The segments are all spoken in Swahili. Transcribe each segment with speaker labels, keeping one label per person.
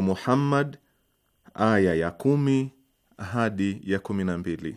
Speaker 1: Muhammad aya ya kumi hadi ya kumi na mbili.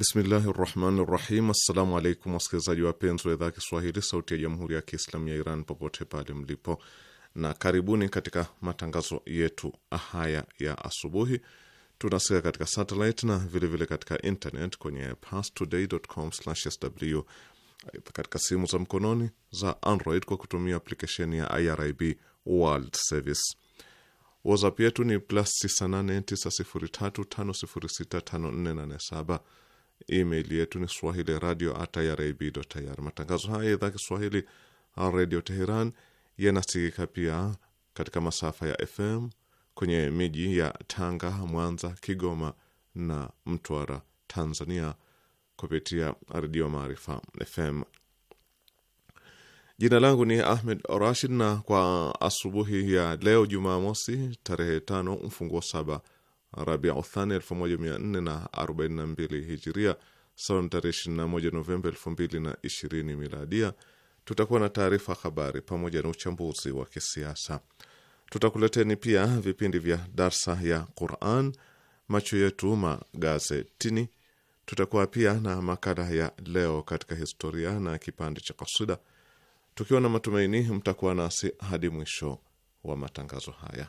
Speaker 1: Bismillahi rahmani rahim. Assalamu alaikum wasikilizaji wapenzi wa idhaa ya Kiswahili sauti ya jamhuri ya Kiislamu ya Iran popote pale mlipo, na karibuni katika matangazo yetu haya ya asubuhi. tunasika katika satellite na vilevile vile katika internet kwenye parstoday.com/sw, katika simu za mkononi za Android kwa kutumia aplikesheni ya IRIB World Service. WhatsApp yetu ni plus 989035065487 Email yetu ni swahili radio at irib.ir. Matangazo haya ya idhaa Kiswahili Radio Teheran yanasikika pia katika masafa ya FM kwenye miji ya Tanga, Mwanza, Kigoma na Mtwara, Tanzania, kupitia Redio Maarifa FM. Jina langu ni Ahmed Rashid, na kwa asubuhi ya leo Jumamosi tarehe tano mfunguo saba Rabiu Thani 1442 hijiria sawa na tarehe 21 Novemba 2020 miladia, tutakuwa na taarifa habari pamoja na uchambuzi wa kisiasa. Tutakuleteni pia vipindi vya darsa ya Quran, macho yetu magazetini. Tutakuwa pia na makala ya leo katika historia na kipande cha kasida, tukiwa na matumaini mtakuwa nasi hadi mwisho wa matangazo haya.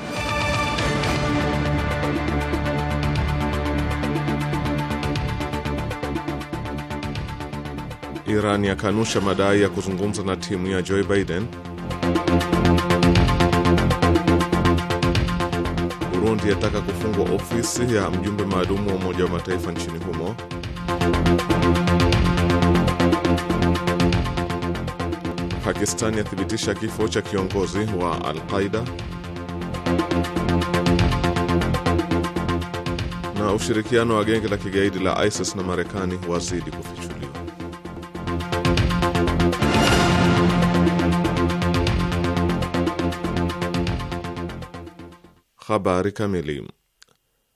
Speaker 1: Iran yakanusha madai ya kuzungumza na timu ya Joe Biden. Burundi yataka kufungwa ofisi ya mjumbe maalumu wa Umoja wa Mataifa nchini humo. pakistani yathibitisha kifo cha kiongozi wa Al-Qaida. Na ushirikiano wa genge la kigaidi la ISIS na Marekani wazidi kufikia Habari kamili.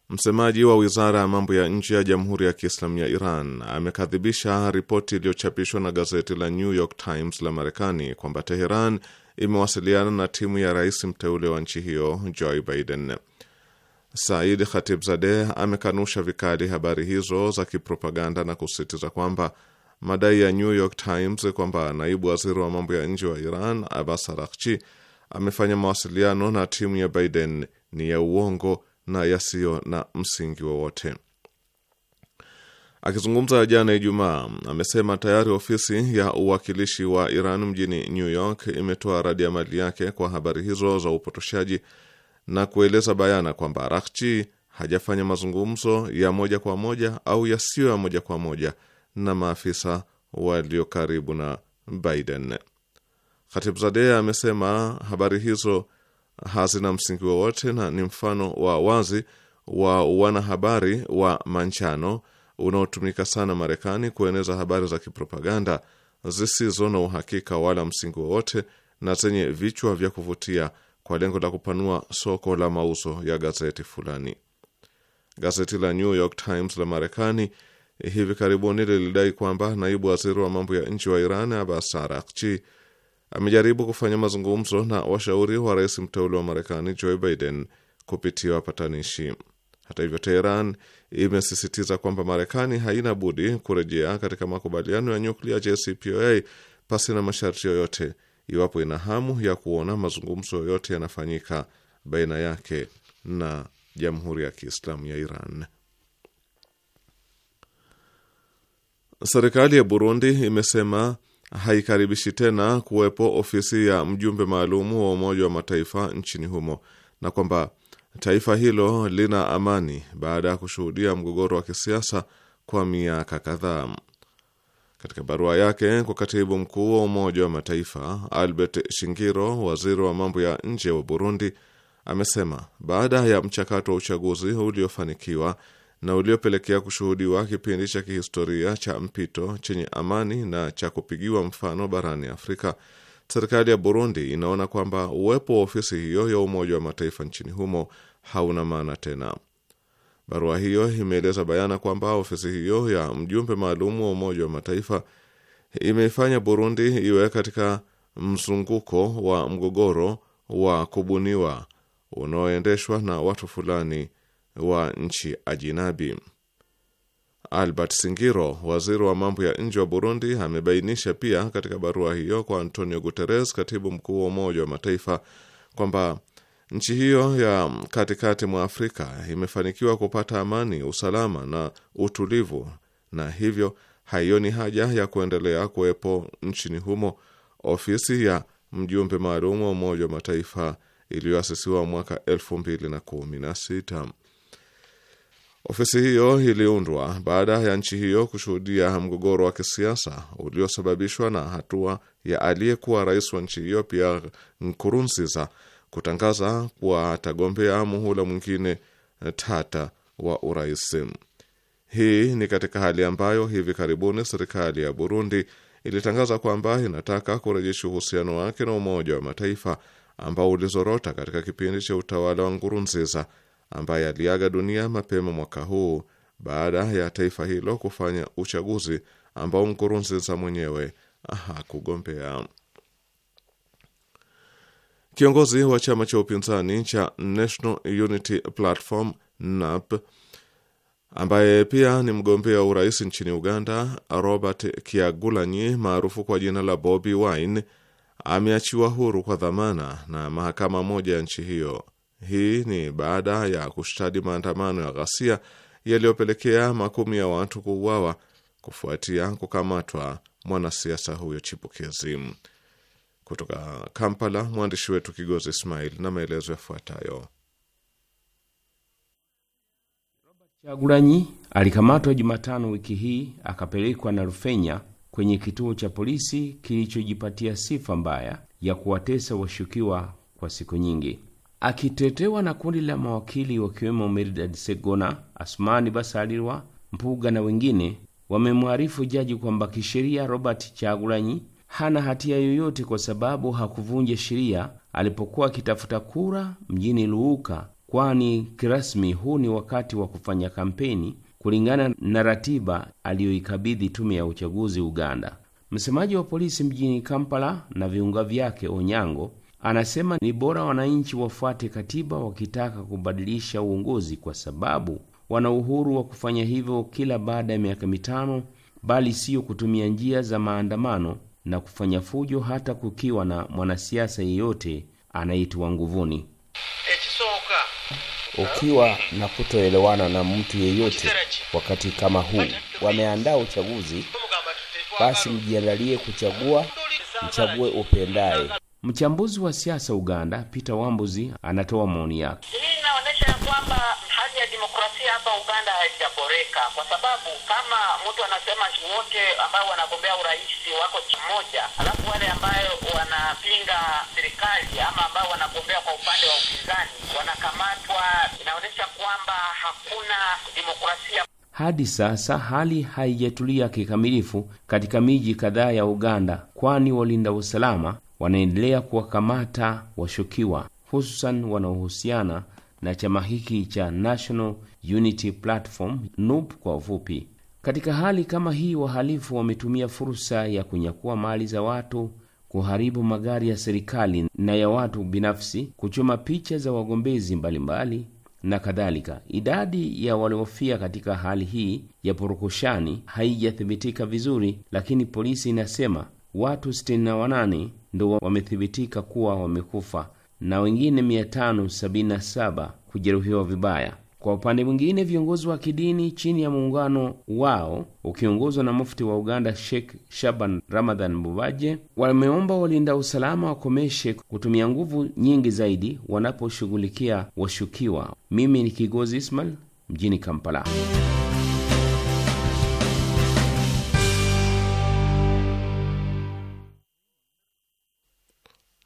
Speaker 1: Msemaji wa wizara ya mambo ya nje ya Jamhuri ya Kiislamu ya Iran amekadhibisha ripoti iliyochapishwa na gazeti la New York Times la Marekani kwamba Teheran imewasiliana na timu ya rais mteule wa nchi hiyo Joe Biden. Said Khatibzadeh amekanusha vikali habari hizo za kipropaganda na kusisitiza kwamba madai ya New York Times kwamba naibu waziri wa mambo ya nje wa Iran Abbas Araghchi amefanya mawasiliano na timu ya Biden ni ya uongo na yasiyo na msingi wowote. Akizungumza jana Ijumaa, amesema tayari ofisi ya uwakilishi wa Iran mjini New York imetoa radi ya mali yake kwa habari hizo za upotoshaji na kueleza bayana kwamba Rakchi hajafanya mazungumzo ya moja kwa moja au yasiyo ya moja kwa moja na maafisa walio karibu na Biden. Khatibzadeh amesema habari hizo hazina msingi wowote na ni mfano wa wazi wa wanahabari wa manjano unaotumika sana Marekani kueneza habari za kipropaganda zisizo na uhakika wala msingi wowote na zenye vichwa vya kuvutia kwa lengo la kupanua soko la mauzo ya gazeti fulani. Gazeti la New York Times la Marekani hivi karibuni lilidai kwamba naibu waziri wa mambo ya nchi wa Iran Abbas Araghchi amejaribu kufanya mazungumzo na washauri wa rais mteule wa Marekani Joe Biden kupitia wapatanishi. Hata hivyo, Teheran imesisitiza kwamba Marekani haina budi kurejea katika makubaliano ya nyuklia JCPOA pasi na masharti yoyote iwapo ina hamu ya kuona mazungumzo yoyote yanafanyika baina yake na Jamhuri ya Kiislamu ya Iran. Serikali ya Burundi imesema haikaribishi tena kuwepo ofisi ya mjumbe maalumu wa Umoja wa Mataifa nchini humo na kwamba taifa hilo lina amani baada ya kushuhudia mgogoro wa kisiasa kwa miaka kadhaa. Katika barua yake kwa katibu mkuu wa Umoja wa Mataifa Albert Shingiro, waziri wa mambo ya nje wa Burundi amesema baada ya mchakato wa uchaguzi uliofanikiwa na uliopelekea kushuhudiwa kipindi cha kihistoria cha mpito chenye amani na cha kupigiwa mfano barani Afrika. Serikali ya Burundi inaona kwamba uwepo wa ofisi hiyo ya Umoja wa Mataifa nchini humo hauna maana tena. Barua hiyo imeeleza bayana kwamba ofisi hiyo ya mjumbe maalum wa Umoja wa Mataifa imeifanya Burundi iwe katika mzunguko wa mgogoro wa kubuniwa unaoendeshwa na watu fulani wa nchi ajinabi. Albert Singiro, waziri wa mambo ya nje wa Burundi, amebainisha pia katika barua hiyo kwa Antonio Guterres, katibu mkuu wa Umoja wa Mataifa, kwamba nchi hiyo ya katikati mwa Afrika imefanikiwa kupata amani, usalama na utulivu, na hivyo haioni haja ya kuendelea kuwepo nchini humo ofisi ya mjumbe maalum wa Umoja wa Mataifa iliyoasisiwa mwaka elfu mbili na kumi na sita. Ofisi hiyo iliundwa baada ya nchi hiyo kushuhudia mgogoro wa kisiasa uliosababishwa na hatua ya aliyekuwa rais wa nchi hiyo Pierre Nkurunziza kutangaza kuwa atagombea muhula mwingine eh, tata wa urais. Hii ni katika hali ambayo hivi karibuni serikali ya Burundi ilitangaza kwamba inataka kurejesha uhusiano wake na Umoja wa Mataifa ambao ulizorota katika kipindi cha utawala wa Nkurunziza ambaye aliaga dunia mapema mwaka huu baada ya taifa hilo kufanya uchaguzi ambao Nkurunziza mwenyewe hakugombea. Kiongozi wa chama cha upinzani cha National Unity Platform NUP ambaye pia ni mgombea wa urais nchini Uganda, Robert kiagulanyi maarufu kwa jina la Bobi Wine ameachiwa huru kwa dhamana na mahakama moja ya nchi hiyo hii ni baada ya kushtadi maandamano ya ghasia yaliyopelekea makumi ya watu kuuawa kufuatia kukamatwa mwanasiasa huyo chipukizi. Kutoka Kampala, mwandishi wetu Kigozi Ismail
Speaker 2: na maelezo yafuatayo. Robert Chagulanyi alikamatwa Jumatano wiki hii akapelekwa na Rufenya kwenye kituo cha polisi kilichojipatia sifa mbaya ya kuwatesa washukiwa kwa siku nyingi akitetewa na kundi la mawakili wakiwemo Meridad Segona, Asmani Basalirwa, Mpuga na wengine, wamemwarifu jaji kwamba kisheria Robert Chagulanyi hana hatia yoyote kwa sababu hakuvunja sheria alipokuwa akitafuta kura mjini Luuka, kwani kirasmi huu ni wakati wa kufanya kampeni kulingana na ratiba aliyoikabidhi tume ya uchaguzi Uganda. Msemaji wa polisi mjini Kampala na viunga vyake Onyango Anasema ni bora wananchi wafuate katiba wakitaka kubadilisha uongozi, kwa sababu wana uhuru wa kufanya hivyo kila baada ya miaka mitano, bali siyo kutumia njia za maandamano na kufanya fujo, hata kukiwa na mwanasiasa yeyote anayetiwa nguvuni. Eh, Ukiwa na kutoelewana na mtu yeyote wakati kama huu, wameandaa uchaguzi, basi mjiandalie kuchagua, mchague upendaye. Mchambuzi wa siasa Uganda, Peter Wambuzi, anatoa maoni yake.
Speaker 3: Hii inaonyesha ya kwamba hali ya demokrasia hapa Uganda haijaboreka, kwa sababu kama mtu anasema wote ambao wanagombea urais
Speaker 4: wako mmoja, alafu wale ambayo wanapinga serikali ama ambao wanagombea
Speaker 3: kwa upande wa upinzani wanakamatwa, inaonyesha kwamba hakuna demokrasia.
Speaker 2: Hadi sasa hali haijatulia kikamilifu katika miji kadhaa ya Uganda, kwani walinda usalama wanaendelea kuwakamata washukiwa hususan wanaohusiana na chama hiki cha National Unity Platform NUP kwa ufupi. Katika hali kama hii, wahalifu wametumia fursa ya kunyakua mali za watu, kuharibu magari ya serikali na ya watu binafsi, kuchoma picha za wagombezi mbalimbali na kadhalika. Idadi ya waliofia katika hali hii ya purukushani haijathibitika vizuri, lakini polisi inasema watu 68 ndio wamethibitika kuwa wamekufa na wengine 577 kujeruhiwa vibaya. Kwa upande mwingine, viongozi wa kidini chini ya muungano wao ukiongozwa na mufti wa Uganda Sheikh Shaban Ramadhan Mubaje wameomba walinda usalama wakomeshe kutumia nguvu nyingi zaidi wanaposhughulikia washukiwa. Mimi ni Kigozi Ismail mjini Kampala.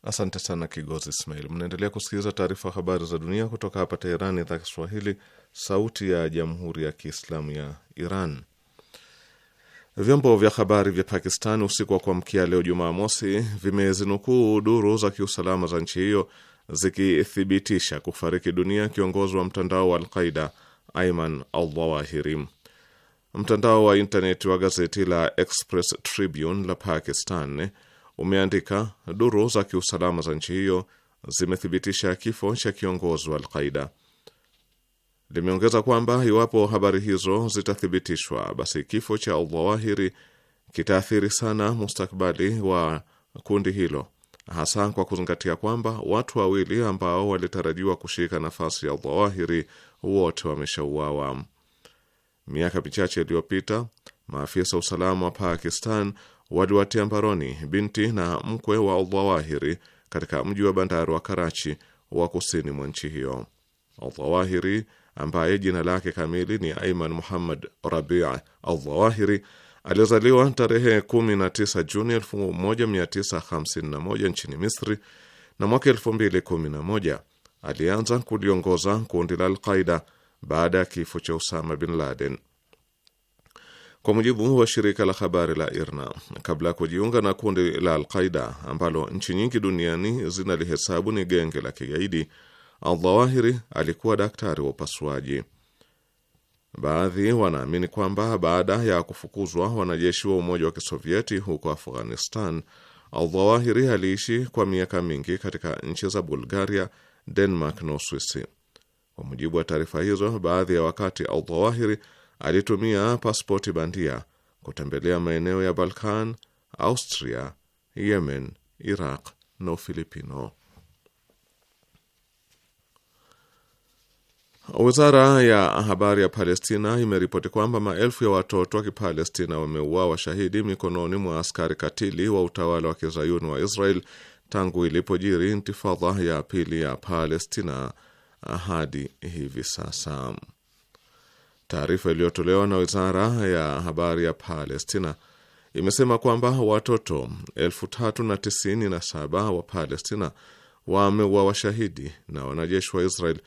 Speaker 1: Asante sana Kigozi Ismail. Mnaendelea kusikiliza taarifa habari za dunia kutoka hapa Teherani, idhaa Kiswahili, sauti ya jamhuri ya kiislamu ya Iran. Vyombo vya habari vya Pakistani usiku wa kuamkia leo Jumamosi vimezinukuu duru za kiusalama za nchi hiyo zikithibitisha kufariki dunia kiongozi wa mtandao wa Alqaida Aiman Aldawahiri. Mtandao wa intaneti wa gazeti la Express Tribune la Pakistan umeandika duru za kiusalama za nchi hiyo zimethibitisha kifo cha kiongozi wa Alqaida. Limeongeza kwamba iwapo habari hizo zitathibitishwa, basi kifo cha Aldhawahiri kitaathiri sana mustakbali wa kundi hilo, hasa kwa kuzingatia kwamba watu wawili ambao walitarajiwa kushika nafasi ya Aldhawahiri wote wameshauawa. Miaka michache iliyopita, maafisa usalama wa Pakistan waliwatia mbaroni binti na mkwe wa Dhawahiri katika mji wa bandari wa Karachi wa kusini mwa nchi hiyo. Aldhawahiri ambaye jina lake kamili ni Aiman Muhammad Rabia Aldhawahiri alizaliwa tarehe 19 Juni 1951 nchini Misri, na mwaka 2011 alianza kuliongoza kundi la Alqaida baada ya kifo cha Usama bin Laden. Kwa mujibu wa shirika la habari la IRNA, kabla ya kujiunga na kundi la Alqaida ambalo nchi nyingi duniani zinalihesabu ni genge la kigaidi, Aldhawahiri alikuwa daktari wa upasuaji. Baadhi wanaamini kwamba baada ya kufukuzwa wanajeshi wa Umoja wa Kisovieti huko Afghanistan, Aldhawahiri aliishi kwa miaka mingi katika nchi za Bulgaria, Denmark na no Uswisi. Kwa mujibu wa taarifa hizo, baadhi ya wakati Aldhawahiri alitumia pasipoti bandia kutembelea maeneo ya Balkan, Austria, Yemen, Iraq na Ufilipino. Wizara ya habari ya Palestina imeripoti kwamba maelfu ya watoto wa Kipalestina wameuawa washahidi mikononi mwa askari katili wa utawala wa kizayuni wa Israel tangu ilipojiri intifadha ya pili ya Palestina hadi hivi sasa. Taarifa iliyotolewa na wizara ya habari ya Palestina imesema kwamba watoto elfu wa Palestina wameua washahidi na wanajeshi wa Israel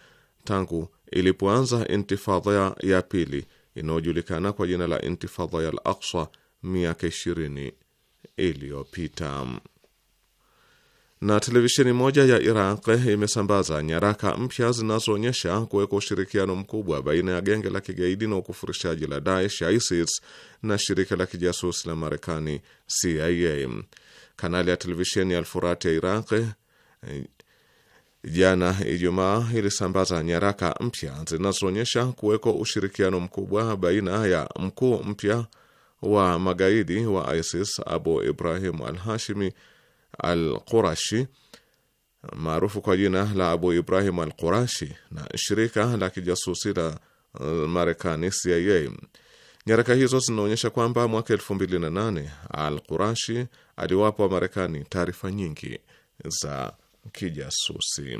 Speaker 1: tangu ilipoanza intifadha ya pili inayojulikana kwa jina la intifadha ya al Aqsa miaka 20 iliyopita na televisheni moja ya Iraq imesambaza nyaraka mpya zinazoonyesha kuwekwa ushirikiano mkubwa baina ya genge la kigaidi na ukufurishaji la Daesh ya ISIS na shirika la kijasusi la Marekani CIA. Kanali ya televisheni ya Alfurati ya Iraq eh, jana Ijumaa ilisambaza nyaraka mpya zinazoonyesha kuwekwa ushirikiano mkubwa baina ya mkuu mpya wa magaidi wa ISIS Abu Ibrahim al Hashimi al Qurashi maarufu kwa jina la Abu Ibrahim al Qurashi na shirika la kijasusi la uh, Marekani CIA. Nyaraka hizo zinaonyesha kwamba mwaka 2008 al Qurashi aliwapa marekani taarifa nyingi za kijasusi.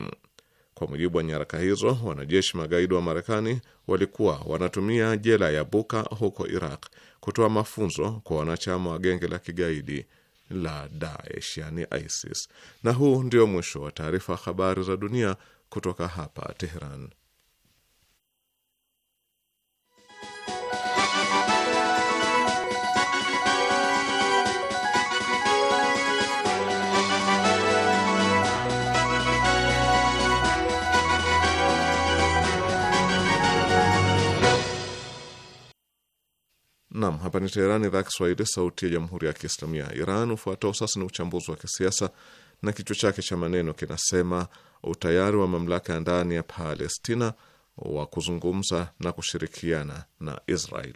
Speaker 1: Kwa mujibu wa nyaraka hizo, wanajeshi magaidi wa Marekani walikuwa wanatumia jela ya Buka huko Iraq kutoa mafunzo kwa wanachama wa genge la kigaidi la Daesh yani ISIS. Na huu ndio mwisho wa taarifa habari za dunia kutoka hapa Teheran. Nam, hapa ni Teherani, idhaa Kiswahili, sauti ya jamhuri ya kiislamu ya Iran. Ufuatao sasa ni uchambuzi wa kisiasa na kichwa chake cha maneno kinasema utayari wa mamlaka ya ndani ya Palestina wa kuzungumza na kushirikiana na Israel.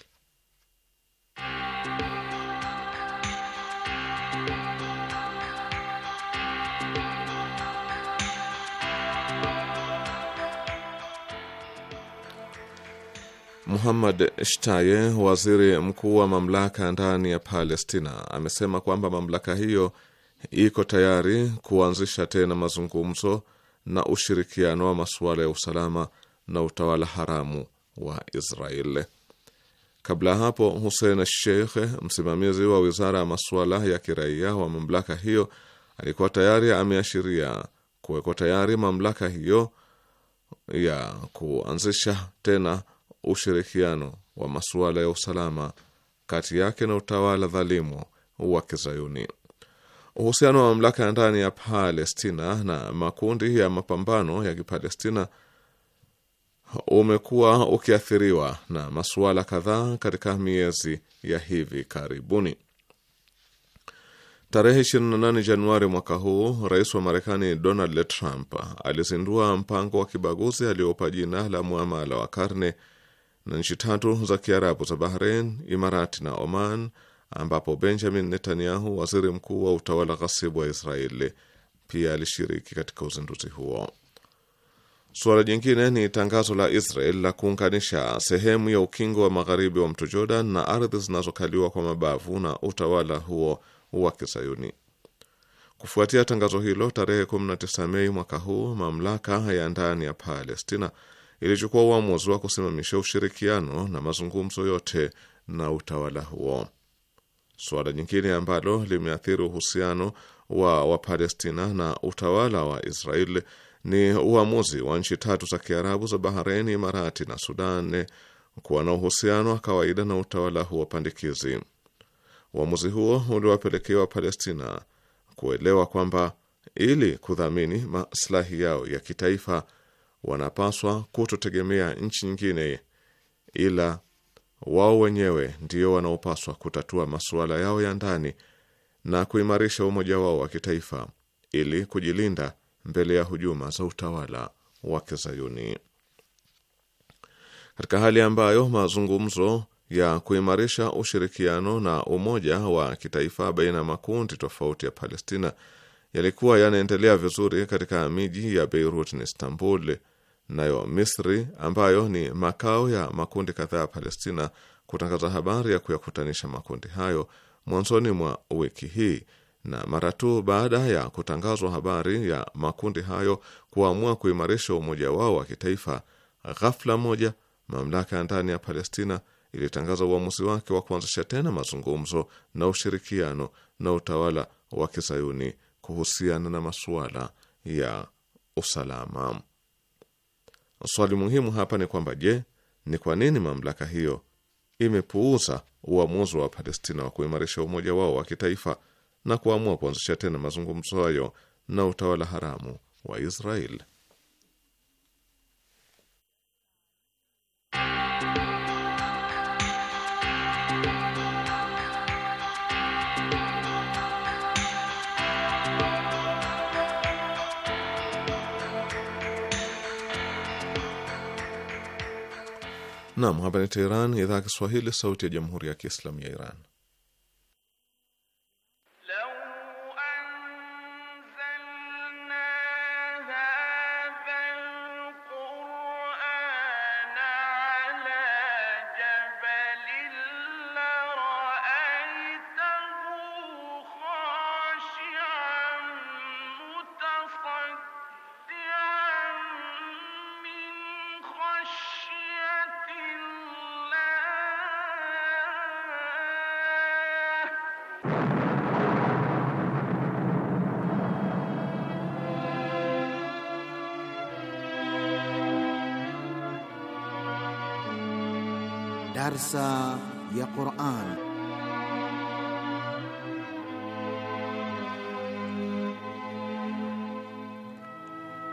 Speaker 1: Muhammad Shtaye, waziri mkuu wa mamlaka ndani ya Palestina, amesema kwamba mamlaka hiyo iko tayari kuanzisha tena mazungumzo na ushirikiano wa masuala ya usalama na utawala haramu wa israel Kabla ya hapo, Hussein Sheikh, msimamizi wa wizara ya masuala ya kiraia wa mamlaka hiyo, alikuwa tayari ameashiria kuwekwa tayari mamlaka hiyo ya kuanzisha tena ushirikiano wa masuala ya usalama kati yake na utawala dhalimu wa Kizayuni. Uhusiano wa mamlaka ya ndani ya Palestina na makundi ya mapambano ya Kipalestina umekuwa ukiathiriwa na masuala kadhaa katika miezi ya hivi karibuni. Tarehe 28 Januari mwaka huu, rais wa Marekani Donald Trump alizindua mpango wa kibaguzi aliyopa jina la mwamala wa karne na nchi tatu za Kiarabu za Bahrain, Imarati na Oman, ambapo Benjamin Netanyahu, waziri mkuu wa utawala ghasibu wa Israeli, pia alishiriki katika uzinduzi huo. Suala jingine ni tangazo la Israel la kuunganisha sehemu ya ukingo wa magharibi wa mto Jordan na ardhi zinazokaliwa kwa mabavu na utawala huo wa Kisayuni. Kufuatia tangazo hilo, tarehe 19 Mei mwaka huu, mamlaka ya ndani ya Palestina ilichukua uamuzi wa kusimamisha ushirikiano na mazungumzo yote na utawala huo. Suala nyingine ambalo limeathiri uhusiano wa Wapalestina na utawala wa israel ni uamuzi wa nchi tatu za Kiarabu za Bahreini, Imarati na Sudan kuwa na uhusiano wa kawaida na utawala huo pandikizi. Uamuzi huo uliwapelekea Wapalestina kuelewa kwamba ili kudhamini maslahi yao ya kitaifa wanapaswa kutotegemea nchi nyingine, ila wao wenyewe ndio wanaopaswa kutatua masuala yao ya ndani na kuimarisha umoja wao wa kitaifa ili kujilinda mbele ya hujuma za utawala wa Kizayuni. Katika hali ambayo mazungumzo ya kuimarisha ushirikiano na umoja wa kitaifa baina ya makundi tofauti ya Palestina yalikuwa yanaendelea vizuri katika miji ya Beirut na Istanbul. Nayo Misri ambayo ni makao ya makundi kadhaa ya Palestina kutangaza habari ya kuyakutanisha makundi hayo mwanzoni mwa wiki hii, na mara tu baada ya kutangazwa habari ya makundi hayo kuamua kuimarisha umoja wao wa kitaifa, ghafla moja mamlaka ya ndani ya Palestina ilitangaza uamuzi wake wa kuanzisha tena mazungumzo na ushirikiano na utawala wa kizayuni kuhusiana na masuala ya usalama. Swali muhimu hapa ni kwamba je, ni kwa nini mamlaka hiyo imepuuza uamuzi wa Palestina wa kuimarisha umoja wao wa kitaifa na kuamua kuanzisha tena mazungumzo hayo na utawala haramu wa Israeli? Naam, hapa ni Teheran, idhaa ya Kiswahili, sauti ya jamhuri ya kiislamu ya Iran.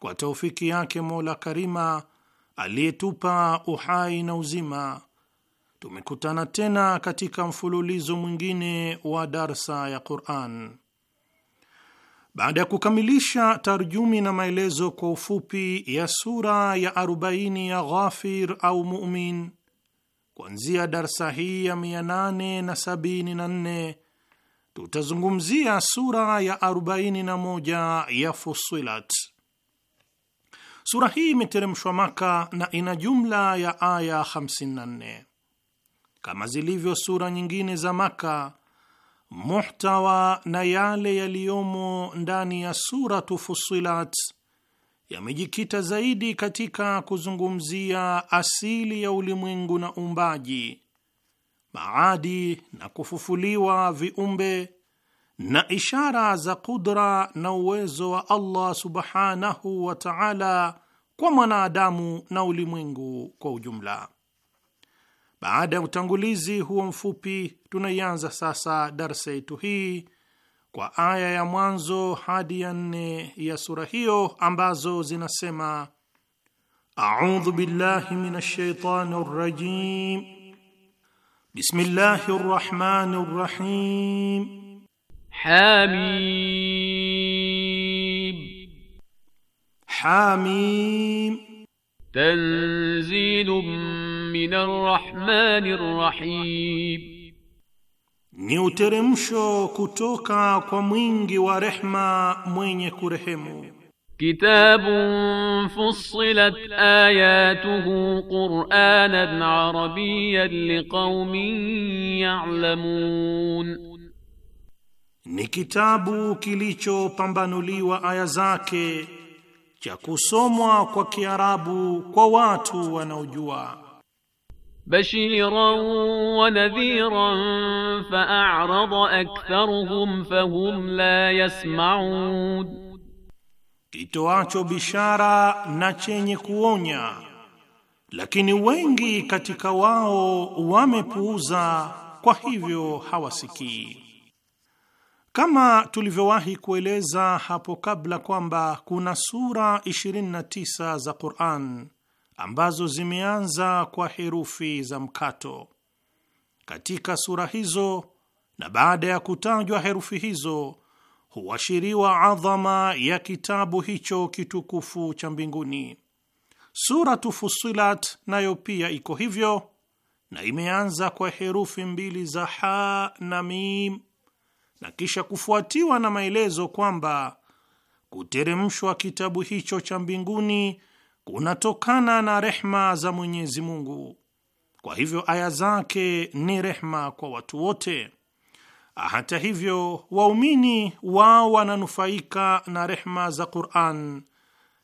Speaker 5: kwa taufiki yake Mola Karima aliyetupa uhai na uzima, tumekutana tena katika mfululizo mwingine wa darsa ya Quran. Baada ya kukamilisha tarjumi na maelezo kwa ufupi ya sura ya 40 ya Ghafir au Mumin, kuanzia darsa hii ya 874 tutazungumzia sura ya 41 ya Fussilat. Sura hii imeteremshwa Maka na ina jumla ya aya 54. Kama zilivyo sura nyingine za Maka, muhtawa na yale yaliyomo ndani ya Suratu Fussilat yamejikita zaidi katika kuzungumzia asili ya ulimwengu na uumbaji, maadi na kufufuliwa viumbe na ishara za kudra na uwezo wa Allah subhanahu wa ta'ala kwa mwanadamu na ulimwengu kwa ujumla. Baada ya utangulizi huo mfupi, tunaianza sasa darsa yetu hii kwa aya ya mwanzo hadi ya nne ya sura hiyo ambazo zinasema: audhu billahi minash shaitani rajim, bismillahi rahmani rahim حميم
Speaker 6: حميم تنزيل من الرحمن الرحيم ni
Speaker 5: كتوكا kutoka ورحمة
Speaker 6: mwingi wa كتاب فصلت آياته قرآنا عربيا لقوم يعلمون ni kitabu
Speaker 5: kilichopambanuliwa aya zake cha kusomwa kwa Kiarabu kwa watu wanaojua.
Speaker 6: Bashiran wa nadhiran fa'arada aktharuhum fahum la yasma'un, kitoacho bishara na chenye kuonya,
Speaker 5: lakini wengi katika wao wamepuuza, kwa hivyo hawasikii. Kama tulivyowahi kueleza hapo kabla kwamba kuna sura 29 za Qur'an ambazo zimeanza kwa herufi za mkato. Katika sura hizo na baada ya kutajwa herufi hizo huashiriwa adhama ya kitabu hicho kitukufu cha mbinguni. Suratu Fusilat nayo pia iko hivyo na imeanza kwa herufi mbili za ha na mim na kisha kufuatiwa na maelezo kwamba kuteremshwa kitabu hicho cha mbinguni kunatokana na rehma za Mwenyezi Mungu. Kwa hivyo aya zake ni rehma kwa watu wote. Hata hivyo, waumini wao wananufaika na rehma za Qur'an,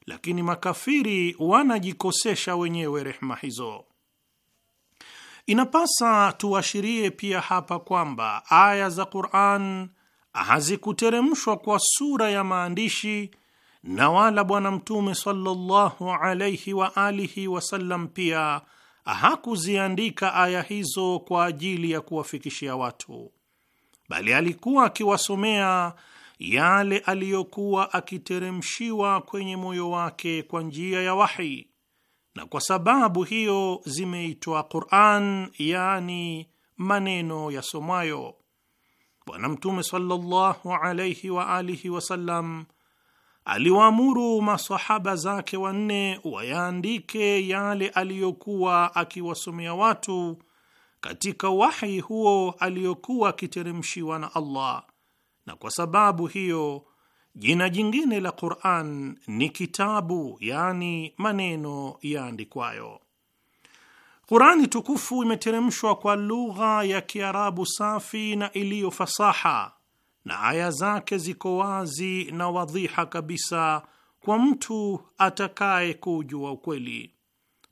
Speaker 5: lakini makafiri wanajikosesha wenyewe rehma hizo. Inapasa tuashirie pia hapa kwamba aya za Qur'an hazikuteremshwa kwa sura ya maandishi na wala Bwana Mtume sallallahu alayhi wa alihi wasallam pia hakuziandika aya hizo kwa ajili ya kuwafikishia watu, bali alikuwa akiwasomea yale aliyokuwa akiteremshiwa kwenye moyo wake kwa njia ya wahi na kwa sababu hiyo zimeitwa Qur'an, yani maneno yasomwayo. Bwana Mtume sallallahu alayhi wa alihi wasallam aliwaamuru masahaba zake wanne wayaandike yale aliyokuwa akiwasomea watu katika wahi huo aliyokuwa akiteremshiwa na Allah, na kwa sababu hiyo Jina jingine la Qur'an ni kitabu, yani maneno yaandikwayo. Qur'ani tukufu imeteremshwa kwa lugha ya Kiarabu safi na iliyo fasaha, na aya zake ziko wazi na wadhiha kabisa kwa mtu atakaye kujua ukweli.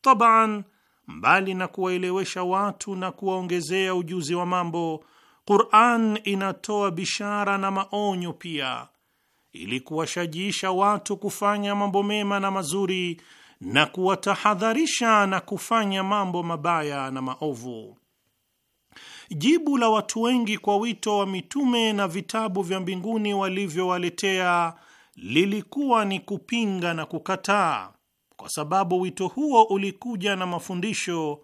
Speaker 5: Taban, mbali na kuwaelewesha watu na kuwaongezea ujuzi wa mambo, Qur'an inatoa bishara na maonyo pia ili kuwashajiisha watu kufanya mambo mema na mazuri na kuwatahadharisha na kufanya mambo mabaya na maovu. Jibu la watu wengi kwa wito wa mitume na vitabu vya mbinguni walivyowaletea lilikuwa ni kupinga na kukataa, kwa sababu wito huo ulikuja na mafundisho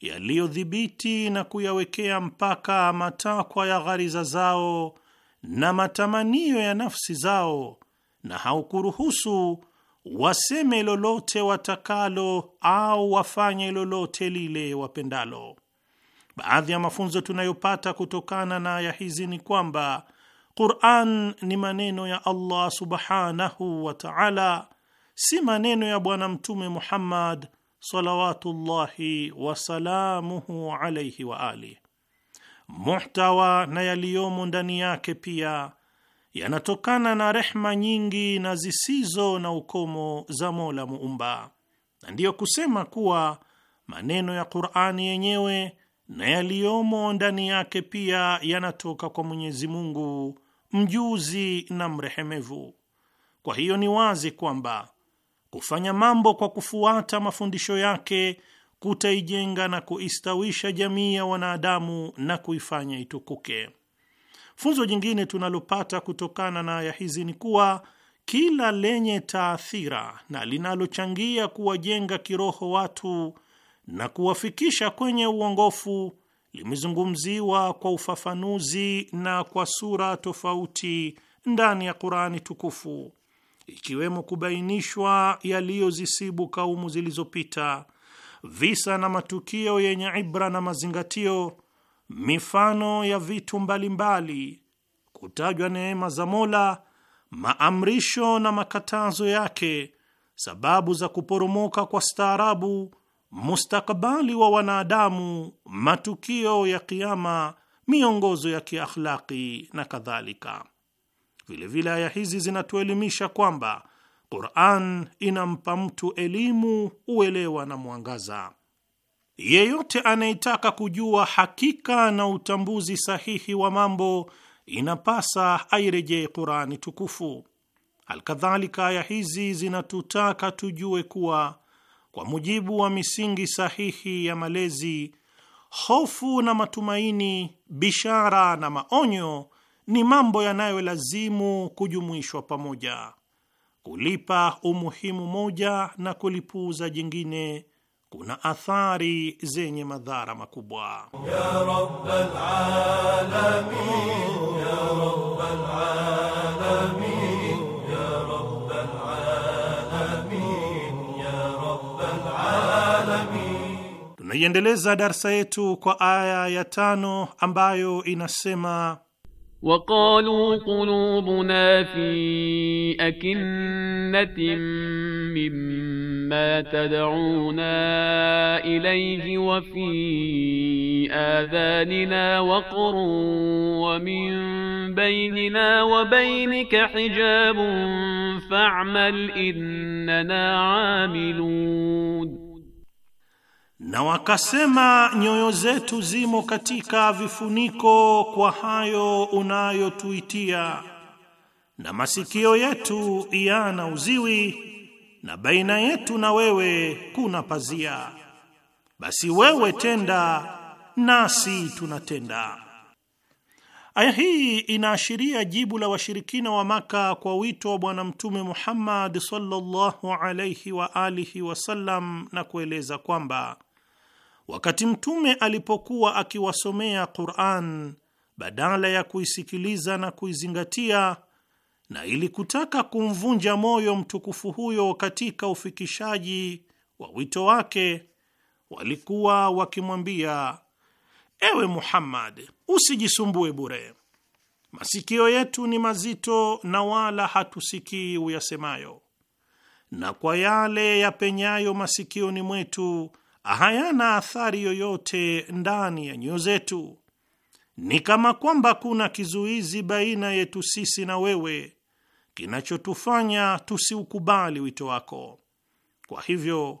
Speaker 5: yaliyodhibiti na kuyawekea mpaka matakwa ya ghariza zao na matamanio ya nafsi zao na haukuruhusu waseme lolote watakalo au wafanye lolote lile wapendalo. Baadhi ya mafunzo tunayopata kutokana na aya hizi ni kwamba Qur'an ni maneno ya Allah subhanahu wa ta'ala, si maneno ya Bwana Mtume Muhammad salawatullahi wasalamuhu alaihi wa alihi muhtawa na yaliyomo ndani yake pia yanatokana na rehma nyingi na zisizo na ukomo za Mola Muumba, na ndiyo kusema kuwa maneno ya Qur'ani yenyewe na yaliyomo ndani yake pia yanatoka kwa Mwenyezi Mungu mjuzi na mrehemevu. Kwa hiyo ni wazi kwamba kufanya mambo kwa kufuata mafundisho yake kutaijenga na kuistawisha jamii ya wanadamu na kuifanya itukuke. Funzo jingine tunalopata kutokana na aya hizi ni kuwa kila lenye taathira na linalochangia kuwajenga kiroho watu na kuwafikisha kwenye uongofu limezungumziwa kwa ufafanuzi na kwa sura tofauti ndani ya Qur'ani tukufu, ikiwemo kubainishwa yaliyozisibu kaumu zilizopita visa na matukio yenye ibra na mazingatio, mifano ya vitu mbalimbali mbali, kutajwa neema za Mola, maamrisho na makatazo yake, sababu za kuporomoka kwa staarabu, mustakabali wa wanadamu, matukio ya Kiama, miongozo ya kiakhlaki na kadhalika. Vilevile aya hizi zinatuelimisha kwamba Qur'an inampa mtu elimu, uelewa na mwangaza. Yeyote anayetaka kujua hakika na utambuzi sahihi wa mambo inapasa airejee Qur'ani tukufu. Alkadhalika, aya hizi zinatutaka tujue kuwa kwa mujibu wa misingi sahihi ya malezi, hofu na matumaini, bishara na maonyo ni mambo yanayolazimu kujumuishwa pamoja kulipa umuhimu moja na kulipuuza jingine kuna athari zenye madhara makubwa Tunaiendeleza darsa yetu kwa aya ya tano
Speaker 6: ambayo inasema وقالوا قلوبنا في أكنة مما تدعونا إليه وفي آذاننا وقر ومن بيننا وبينك حجاب فاعمل إننا عاملون
Speaker 5: Na wakasema nyoyo zetu zimo katika vifuniko kwa hayo unayotuitia, na masikio yetu yana uziwi, na baina yetu na wewe kuna pazia. Basi wewe tenda nasi tunatenda. Aya hii inaashiria jibu la washirikina wa Maka kwa wito wa Bwana Mtume Muhammad sallallahu alayhi wa alihi wasallam, na kueleza kwamba Wakati Mtume alipokuwa akiwasomea Qur'an, badala ya kuisikiliza na kuizingatia, na ili kutaka kumvunja moyo mtukufu huyo katika ufikishaji wa wito wake, walikuwa wakimwambia, ewe Muhammad, usijisumbue bure, masikio yetu ni mazito na wala hatusikii uyasemayo, na kwa yale yapenyayo masikioni mwetu hayana athari yoyote ndani ya nyoyo zetu. Ni kama kwamba kuna kizuizi baina yetu sisi na wewe kinachotufanya tusiukubali wito wako. Kwa hivyo,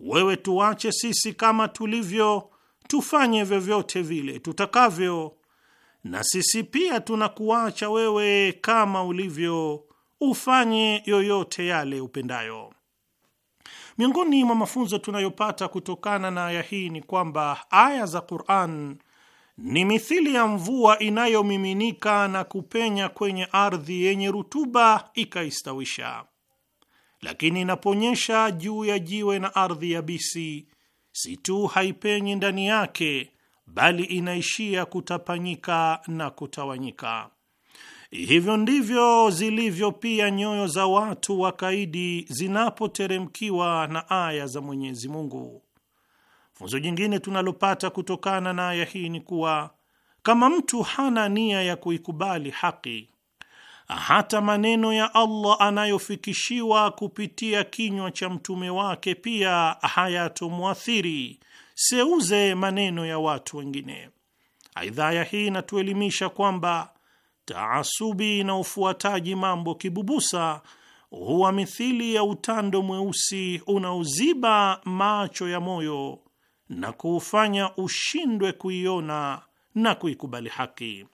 Speaker 5: wewe tuache sisi kama tulivyo, tufanye vyovyote vile tutakavyo, na sisi pia tunakuacha wewe kama ulivyo, ufanye yoyote yale upendayo. Miongoni mwa mafunzo tunayopata kutokana na aya hii ni kwamba aya za Qur'an ni mithili ya mvua inayomiminika na kupenya kwenye ardhi yenye rutuba ikaistawisha, lakini inaponyesha juu ya jiwe na ardhi yabisi, si tu haipenyi ndani yake, bali inaishia kutapanyika na kutawanyika. Hivyo ndivyo zilivyo pia nyoyo za watu wakaidi zinapoteremkiwa na aya za Mwenyezi Mungu. Funzo jingine tunalopata kutokana na aya hii ni kuwa kama mtu hana nia ya kuikubali haki, hata maneno ya Allah anayofikishiwa kupitia kinywa cha mtume wake pia hayatomwathiri seuze maneno ya watu wengine. Aidha, aya hii inatuelimisha kwamba taasubi na ufuataji mambo kibubusa huwa mithili ya utando mweusi unaoziba macho ya moyo na kuufanya ushindwe kuiona na kuikubali haki.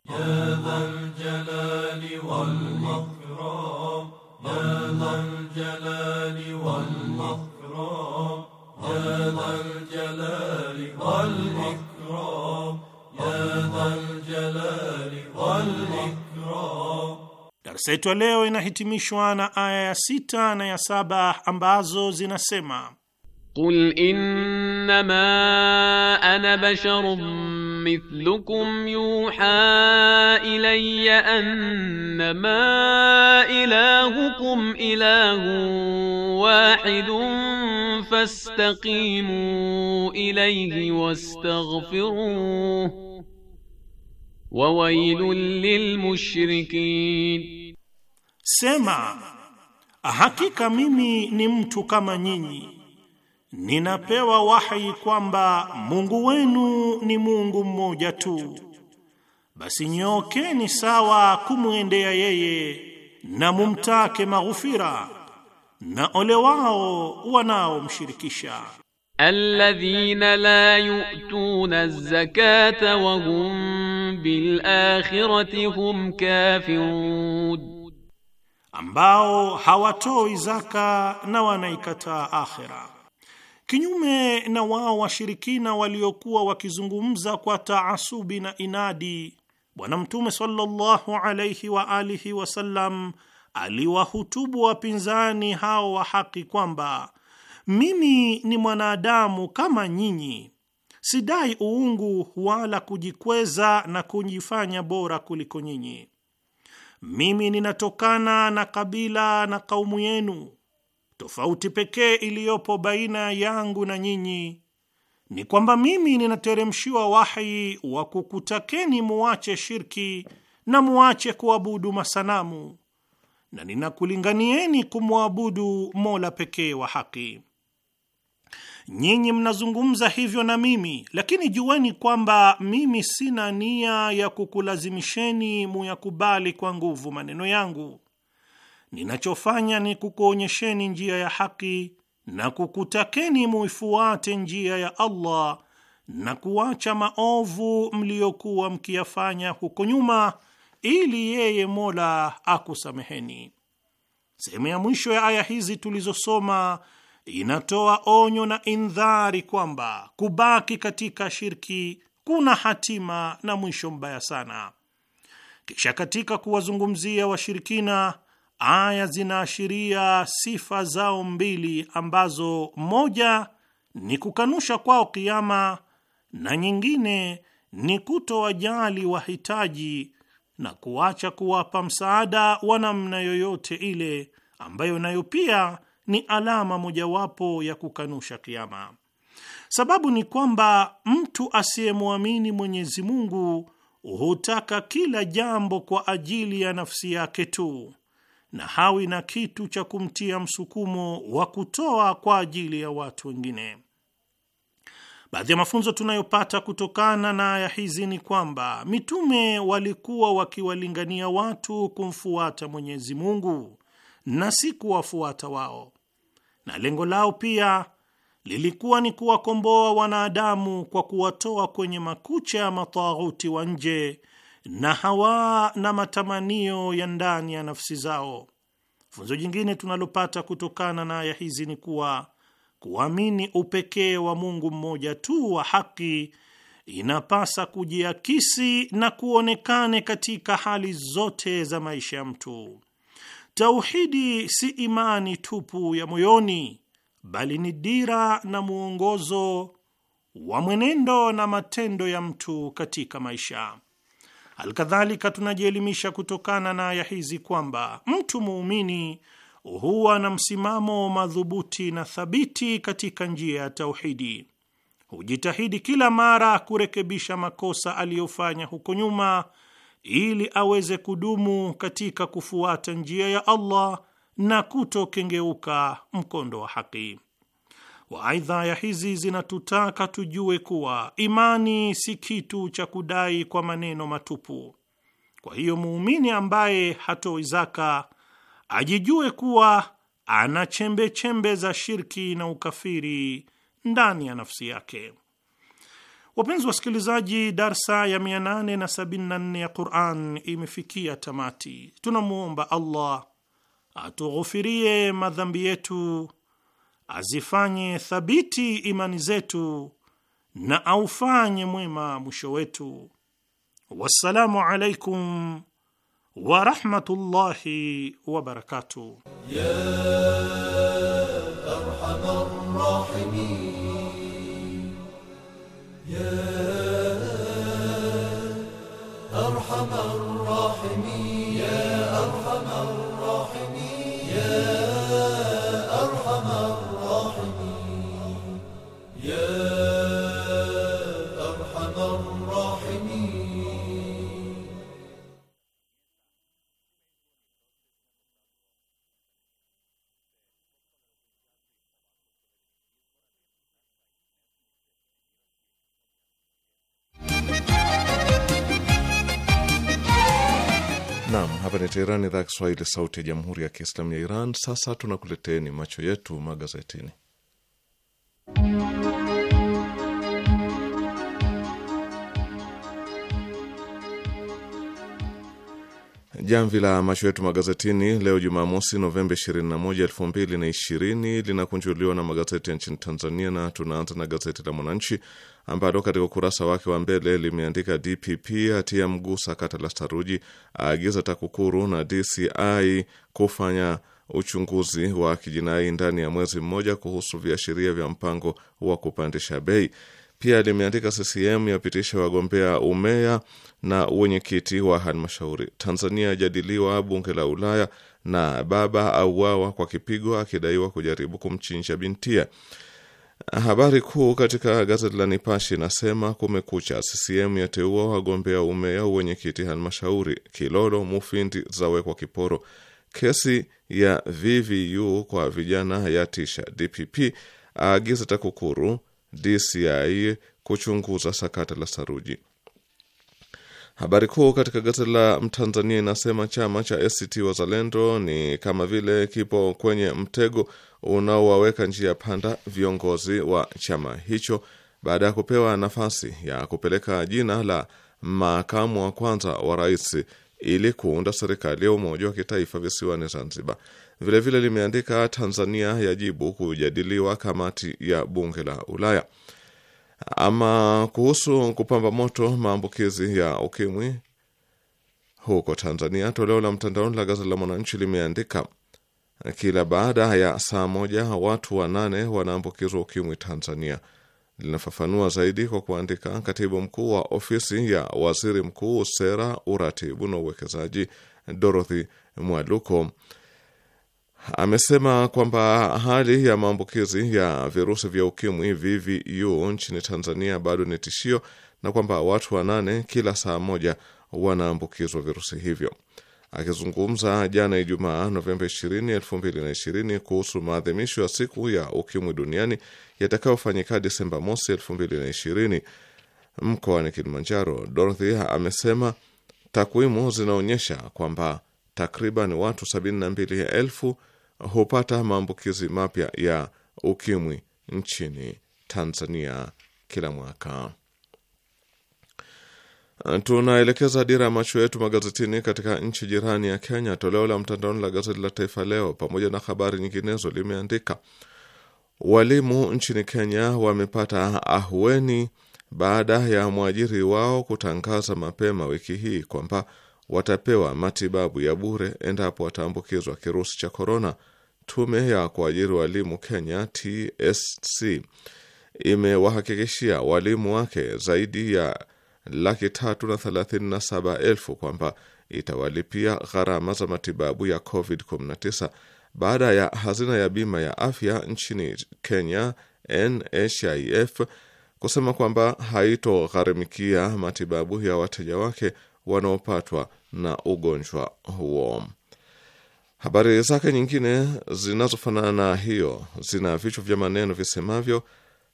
Speaker 5: Darsa yetu ya leo inahitimishwa na aya ya sita na ya saba ambazo zinasema
Speaker 6: Qul innama ana basharun mithlukum yuha ilayya annama ilahukum ilahun wahidun fastaqimu ilayhi wastaghfiruh wa wailul lilmushrikin, sema
Speaker 5: hakika mimi ni mtu kama nyinyi, ninapewa wahi kwamba Mungu wenu ni Mungu mmoja tu, basi nyookeni sawa kumwendea yeye na mumtake
Speaker 6: maghufira, na ole wao wanaomshirikisha. الذين لا يؤتون الزكاة وهم بالآخرة hum kafirun,
Speaker 5: ambao hawatoi zaka na wanaikataa akhira, kinyume na wao washirikina waliokuwa wakizungumza kwa taasubi na inadi. Bwana Mtume sallallahu alayhi wa alihi wasallam aliwahutubu wapinzani hao wa haki kwamba mimi ni mwanadamu kama nyinyi, sidai uungu wala kujikweza na kujifanya bora kuliko nyinyi. Mimi ninatokana na kabila na kaumu yenu. Tofauti pekee iliyopo baina yangu na nyinyi ni kwamba mimi ninateremshiwa wahi wa kukutakeni muache shirki na muache kuabudu masanamu, na ninakulinganieni kumwabudu Mola pekee wa haki. Nyinyi mnazungumza hivyo na mimi, lakini jueni kwamba mimi sina nia ya kukulazimisheni muyakubali kwa nguvu maneno yangu. Ninachofanya ni kukuonyesheni njia ya haki na kukutakeni muifuate njia ya Allah na kuacha maovu mliyokuwa mkiyafanya huko nyuma, ili yeye Mola akusameheni. Sehemu ya mwisho ya aya hizi tulizosoma inatoa onyo na indhari kwamba kubaki katika shirki kuna hatima na mwisho mbaya sana. Kisha katika kuwazungumzia washirikina, aya zinaashiria sifa zao mbili ambazo moja ni kukanusha kwao kiama na nyingine ni kutowajali wahitaji na kuacha kuwapa msaada wa namna yoyote ile, ambayo nayo pia ni alama mojawapo ya kukanusha kiama. Sababu ni kwamba mtu asiyemwamini Mwenyezi Mungu hutaka kila jambo kwa ajili ya nafsi yake tu na hawi na kitu cha kumtia msukumo wa kutoa kwa ajili ya watu wengine. Baadhi ya mafunzo tunayopata kutokana na aya hizi ni kwamba mitume walikuwa wakiwalingania watu kumfuata Mwenyezi Mungu na si kuwafuata wao, na lengo lao pia lilikuwa ni kuwakomboa wanadamu kwa kuwatoa kwenye makucha ya matawuti wa nje na hawa na matamanio ya ndani ya nafsi zao. Funzo jingine tunalopata kutokana na aya hizi ni kuwa kuamini upekee wa Mungu mmoja tu wa haki inapasa kujiakisi na kuonekane katika hali zote za maisha ya mtu. Tauhidi si imani tupu ya moyoni, bali ni dira na mwongozo wa mwenendo na matendo ya mtu katika maisha. Alkadhalika, tunajielimisha kutokana na aya hizi kwamba mtu muumini huwa na msimamo madhubuti na thabiti katika njia ya tauhidi, hujitahidi kila mara kurekebisha makosa aliyofanya huko nyuma ili aweze kudumu katika kufuata njia ya Allah na kutokengeuka mkondo wa haki. Waidha, ya hizi zinatutaka tujue kuwa imani si kitu cha kudai kwa maneno matupu. Kwa hiyo muumini ambaye hatoi zaka ajijue kuwa ana chembe chembe za shirki na ukafiri ndani ya nafsi yake. Wapenzi wasikilizaji, darsa ya 874 ya Quran imefikia tamati. Tunamwomba Allah atughufirie madhambi yetu, azifanye thabiti imani zetu na aufanye mwema mwisho wetu. Wassalamu alaikum wa rahmatullahi wa
Speaker 7: يا أرحم الراحمين يا أرحم الراحمين
Speaker 1: Teherani, idhaa ya Kiswahili, sauti ya jamhuri ya kiislamu ya Iran. Sasa tunakuleteni macho yetu magazetini. Jamvi la macho yetu magazetini leo Jumamosi, Novemba 21, 2020 linakunjuliwa na magazeti ya nchini Tanzania, na tunaanza na gazeti la Mwananchi ambalo katika ukurasa wake wa mbele limeandika DPP atia mguu sakata la saruji, aagiza TAKUKURU na DCI kufanya uchunguzi wa kijinai ndani ya mwezi mmoja kuhusu viashiria vya mpango wa kupandisha bei. Pia limeandika CCM yapitisha wagombea umeya na wenyekiti wa halmashauri. Tanzania yajadiliwa bunge la Ulaya na baba auawa kwa kipigo akidaiwa kujaribu kumchinja bintia. Habari kuu katika gazeti la nipashi inasema kumekucha, CCM yateua wagombea umeya uwenyekiti halmashauri. Kilolo Mufindi zawekwa kiporo. Kesi ya VVU kwa vijana ya tisha. DPP aagiza TAKUKURU DCI kuchunguza sakata la saruji. Habari kuu katika gazeti la Mtanzania inasema chama cha ACT Wazalendo ni kama vile kipo kwenye mtego unaowaweka njia panda viongozi wa chama hicho baada ya kupewa nafasi ya kupeleka jina la makamu wa kwanza wa rais ili kuunda serikali ya umoja wa kitaifa visiwani Zanzibar. Vilevile limeandika Tanzania yajibu kujadiliwa kamati ya bunge la Ulaya. Ama kuhusu kupamba moto maambukizi ya ukimwi huko Tanzania, toleo la mtandaoni la gazeti la Mwananchi limeandika kila baada ya saa moja watu wanane wanaambukizwa ukimwi Tanzania. Linafafanua zaidi kwa kuandika, katibu mkuu wa ofisi ya waziri mkuu, sera, uratibu na uwekezaji, Dorothy Mwaluko amesema kwamba hali ya maambukizi ya virusi vya ukimwi VVU nchini Tanzania bado ni tishio na kwamba watu wanane kila saa moja wanaambukizwa virusi hivyo. Akizungumza jana Ijumaa, Novemba 20, 2020 kuhusu maadhimisho ya siku ya ukimwi duniani yatakayofanyika Desemba mosi 2020 mkoani Kilimanjaro, Dorothy amesema takwimu zinaonyesha kwamba takriban watu 72 elfu hupata maambukizi mapya ya ukimwi nchini Tanzania kila mwaka. Tunaelekeza dira ya macho yetu magazetini katika nchi jirani ya Kenya. Toleo la mtandaoni la gazeti la Taifa Leo pamoja na habari nyinginezo limeandika walimu nchini Kenya wamepata ahueni baada ya mwajiri wao kutangaza mapema wiki hii kwamba watapewa matibabu ya bure endapo wataambukizwa kirusi cha korona. Tume ya kuajiri walimu Kenya TSC imewahakikishia walimu wake zaidi ya laki tatu na thelathini na saba elfu kwamba itawalipia gharama za matibabu ya COVID-19 baada ya hazina ya bima ya afya nchini Kenya NHIF kusema kwamba haitogharimikia matibabu ya wateja wake wanaopatwa na ugonjwa huo. Habari zake nyingine zinazofanana na hiyo zina vichwa vya maneno visemavyo: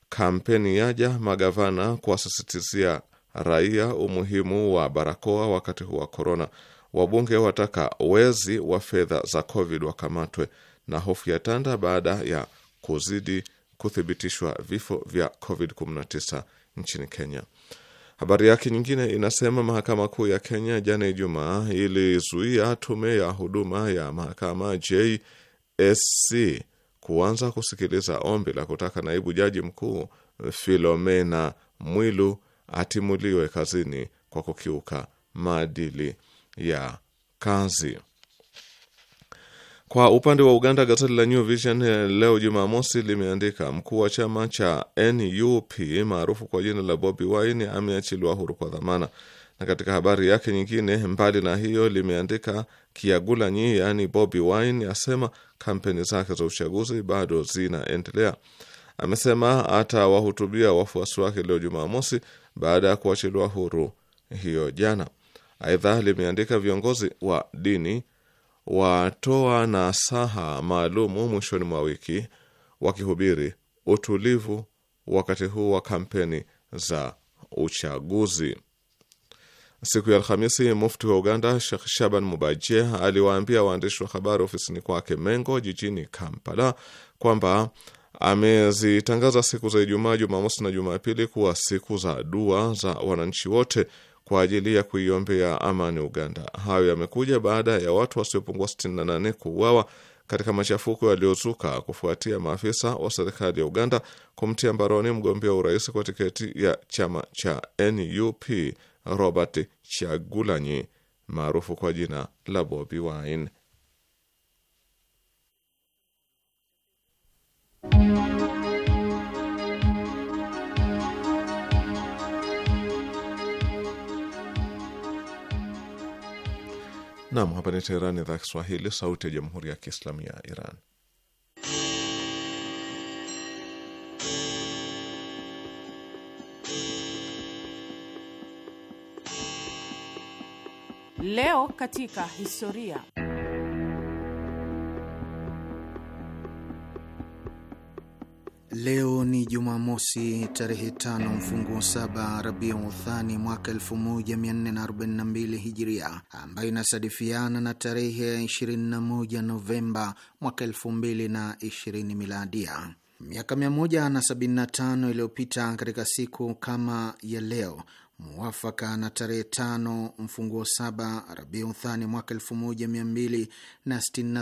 Speaker 1: kampeni yaja, magavana kuwasisitizia raia umuhimu wa barakoa wakati huu wa korona, wabunge wataka wezi wa fedha za covid wakamatwe, na hofu ya tanda baada ya kuzidi kuthibitishwa vifo vya covid-19 nchini Kenya. Habari yake nyingine inasema mahakama kuu ya Kenya jana Ijumaa ilizuia tume ya huduma ya mahakama JSC kuanza kusikiliza ombi la kutaka naibu jaji mkuu Filomena Mwilu atimuliwe kazini kwa kukiuka maadili ya kazi. Kwa upande wa Uganda, gazeti la New Vision eh, leo Jumamosi limeandika mkuu wa chama cha NUP maarufu kwa jina la Bobi Wine ameachiliwa huru kwa dhamana. Na katika habari yake nyingine, mbali na hiyo, limeandika Kiagulanyi, yaani Bobi Wine asema kampeni zake za uchaguzi bado zinaendelea. Amesema atawahutubia wafuasi wake leo Jumamosi baada ya kuachiliwa huru hiyo jana. Aidha limeandika viongozi wa dini watoa nasaha maalumu mwishoni mwa wiki wakihubiri utulivu wakati huu wa kampeni za uchaguzi. Siku ya Alhamisi, mufti wa Uganda Shekh Shaban Mubaje aliwaambia waandishi wa habari ofisini kwake Mengo jijini Kampala kwamba amezitangaza siku za Ijumaa, Jumamosi na Jumapili kuwa siku za dua za wananchi wote kwa ajili ya kuiombea amani Uganda. Hayo yamekuja baada ya watu wasiopungua 68 kuuawa katika machafuko yaliyozuka kufuatia maafisa wa serikali ya Uganda kumtia mbaroni mgombea urais kwa tiketi ya chama cha NUP Robert Chagulanyi maarufu kwa jina la Bobi Wine. Nam, hapa ni Teherani, idhaa Kiswahili, sauti ya jamhuri ya kiislamu ya Iran.
Speaker 8: Leo katika historia
Speaker 3: Leo ni Jumamosi, tarehe tano mfunguo saba Rabiu uthani mwaka 1442 Hijiria, ambayo inasadifiana na tarehe 21 Novemba mwaka 2020 Miladia. Miaka 175 iliyopita katika siku kama ya leo muwafaka na tarehe tano mfunguo saba Rabiu Thani mwaka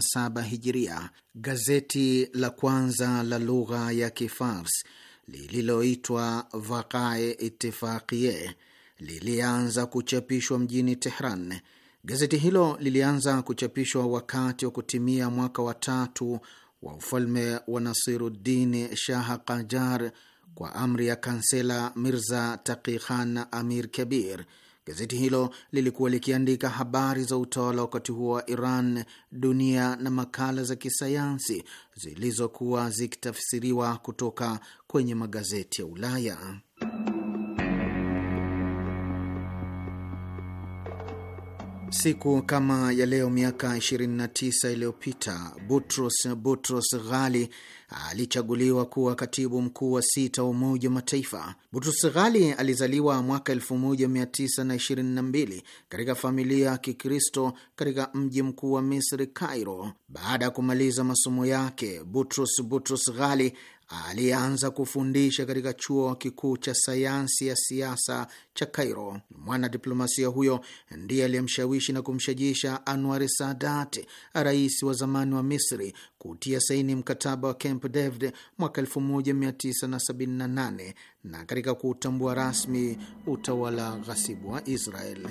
Speaker 3: saba Hijiria, gazeti la kwanza la lugha ya Kifars lililoitwa Vakae itifakie lilianza kuchapishwa mjini Tehran. Gazeti hilo lilianza kuchapishwa wakati wa kutimia mwaka wa tatu wa ufalme wa Nasiruddin Shaha kajar kwa amri ya kansela Mirza Taqi Khan Amir Kabir. Gazeti hilo lilikuwa likiandika habari za utawala wakati huo wa Iran, dunia na makala za kisayansi zilizokuwa zikitafsiriwa kutoka kwenye magazeti ya Ulaya. Siku kama ya leo miaka 29 iliyopita Butros Butros Ghali alichaguliwa kuwa katibu mkuu wa sita wa Umoja wa Mataifa. Butros Ghali alizaliwa mwaka 1922 katika familia ya Kikristo katika mji mkuu wa Misri, Cairo. Baada ya kumaliza masomo yake, Butros Butros Ghali aliyeanza kufundisha katika chuo kikuu cha sayansi ya siasa cha Cairo. Mwanadiplomasia huyo ndiye aliyemshawishi na kumshajisha Anwar Sadat, rais wa zamani wa Misri, kutia saini mkataba wa Camp David mwaka 1978 na katika kuutambua rasmi utawala ghasibu wa Israel.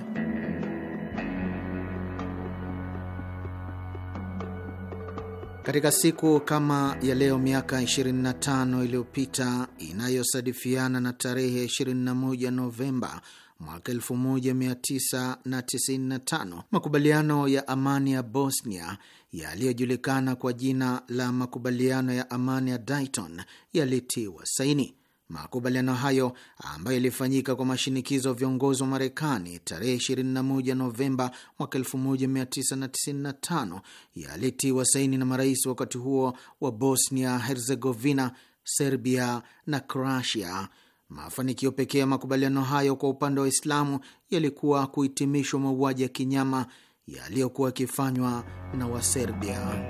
Speaker 3: Katika siku kama ya leo miaka 25 iliyopita inayosadifiana na tarehe 21 Novemba mwaka 1995 makubaliano ya amani ya Bosnia yaliyojulikana kwa jina la makubaliano ya amani ya Dayton yalitiwa saini. Makubaliano hayo ambayo yalifanyika kwa mashinikizo ya viongozi wa Marekani tarehe 21 Novemba mwaka 1995 yalitiwa saini na marais wakati huo wa Bosnia Herzegovina, Serbia na Croatia. Mafanikio pekee ya makubaliano hayo kwa upande wa Islamu yalikuwa kuhitimishwa mauaji ya kinyama yaliyokuwa yakifanywa na Waserbia.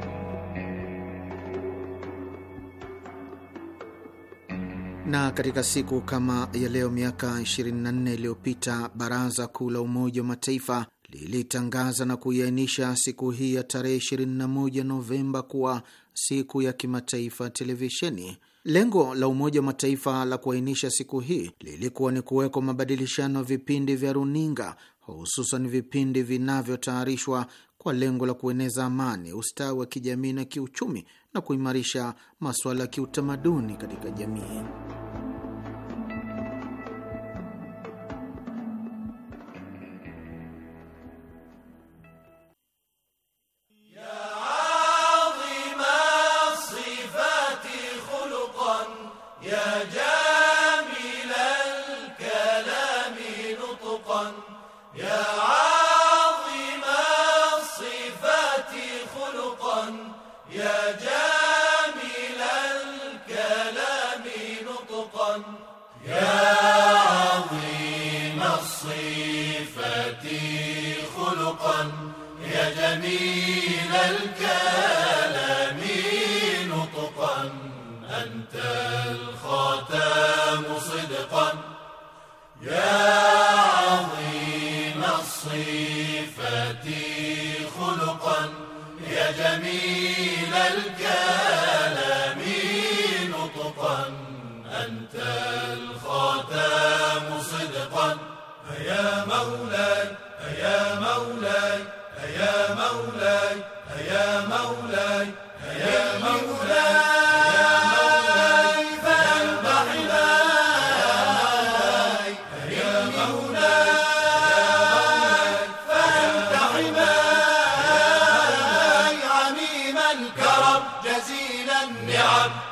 Speaker 3: Na katika siku kama ya leo miaka 24 iliyopita Baraza Kuu la Umoja wa Mataifa lilitangaza na kuiainisha siku hii ya tarehe 21 Novemba kuwa siku ya kimataifa televisheni. Lengo la Umoja wa Mataifa la kuainisha siku hii lilikuwa ni kuwekwa mabadilishano ya vipindi vya runinga, hususan vipindi vinavyotayarishwa kwa lengo la kueneza amani, ustawi wa kijamii na kiuchumi na kuimarisha masuala ya kiutamaduni katika jamii.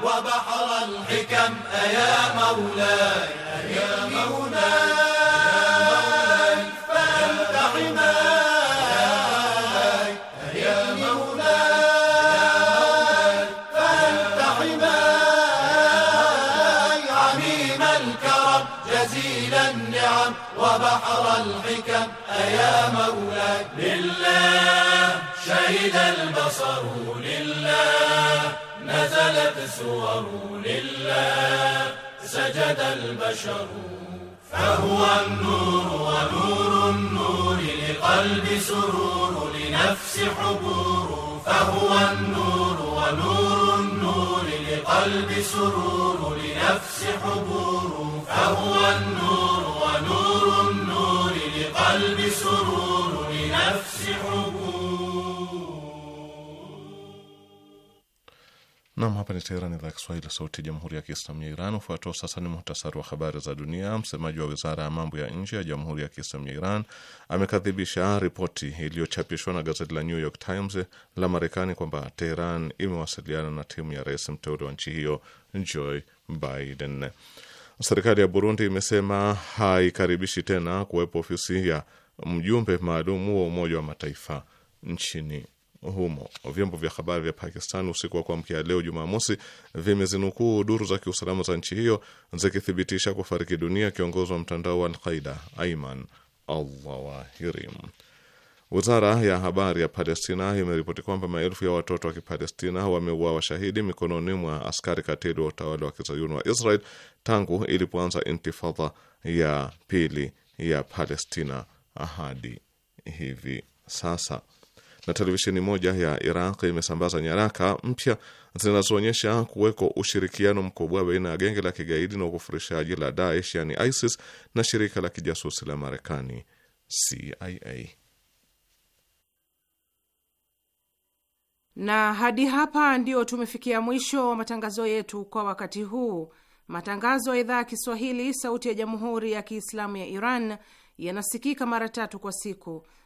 Speaker 4: وبحر الحكم أيا مولاي
Speaker 7: يا مولاي حماي يا مولاي حماي عميم
Speaker 4: الكرم جزيل النعم وبحر الحكم أيا مولاي لله شهد البصر لله
Speaker 7: نزلت سور لله سجد البشر فهو النور ونور النور لقلب سرور لنفس حبور فهو النور ونور النور لقلب سرور لنفس حبور فهو النور ونور النور لقلب سرور لنفس حبور
Speaker 1: Nam, hapa ni teheran idhaa ya Kiswahili, sauti ya jamhuri ya kiislamu ya Iran. Ufuatao sasa ni muhtasari wa habari za dunia. Msemaji wa wizara ya mambo ya nje ya jamhuri ya kiislamu ya Iran amekadhibisha ripoti iliyochapishwa na gazeti la New York Times la Marekani kwamba Teheran imewasiliana na timu ya rais mteule wa nchi hiyo Joe Biden. Serikali ya Burundi imesema haikaribishi tena kuwepo ofisi ya mjumbe maalumu wa Umoja wa Mataifa nchini humo. Vyombo vya habari vya Pakistan usiku wa kuamkia leo Jumamosi vimezinukuu duru za kiusalama za nchi hiyo zikithibitisha kufariki dunia kiongozi wa mtandao wa Alqaida Aiman Allawahiri. Wizara ya habari ya Palestina imeripoti kwamba maelfu ya watoto wa Kipalestina wameuawa shahidi mikononi mwa askari katili wa utawala wa kizayuni wa Israel tangu ilipoanza intifadha ya pili ya Palestina hadi hivi sasa na televisheni moja ya Iraq imesambaza nyaraka mpya zinazoonyesha kuweko ushirikiano mkubwa baina ya genge la kigaidi na ukufurishaji la Daesh yani ISIS na shirika la kijasusi la Marekani CIA.
Speaker 8: Na hadi hapa ndio tumefikia mwisho wa matangazo yetu kwa wakati huu. Matangazo ya idhaa ya Kiswahili sauti ya Jamhuri ya Kiislamu ya Iran yanasikika mara tatu kwa siku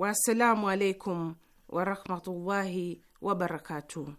Speaker 8: Wassalamu alaikum warahmatullahi wabarakatu.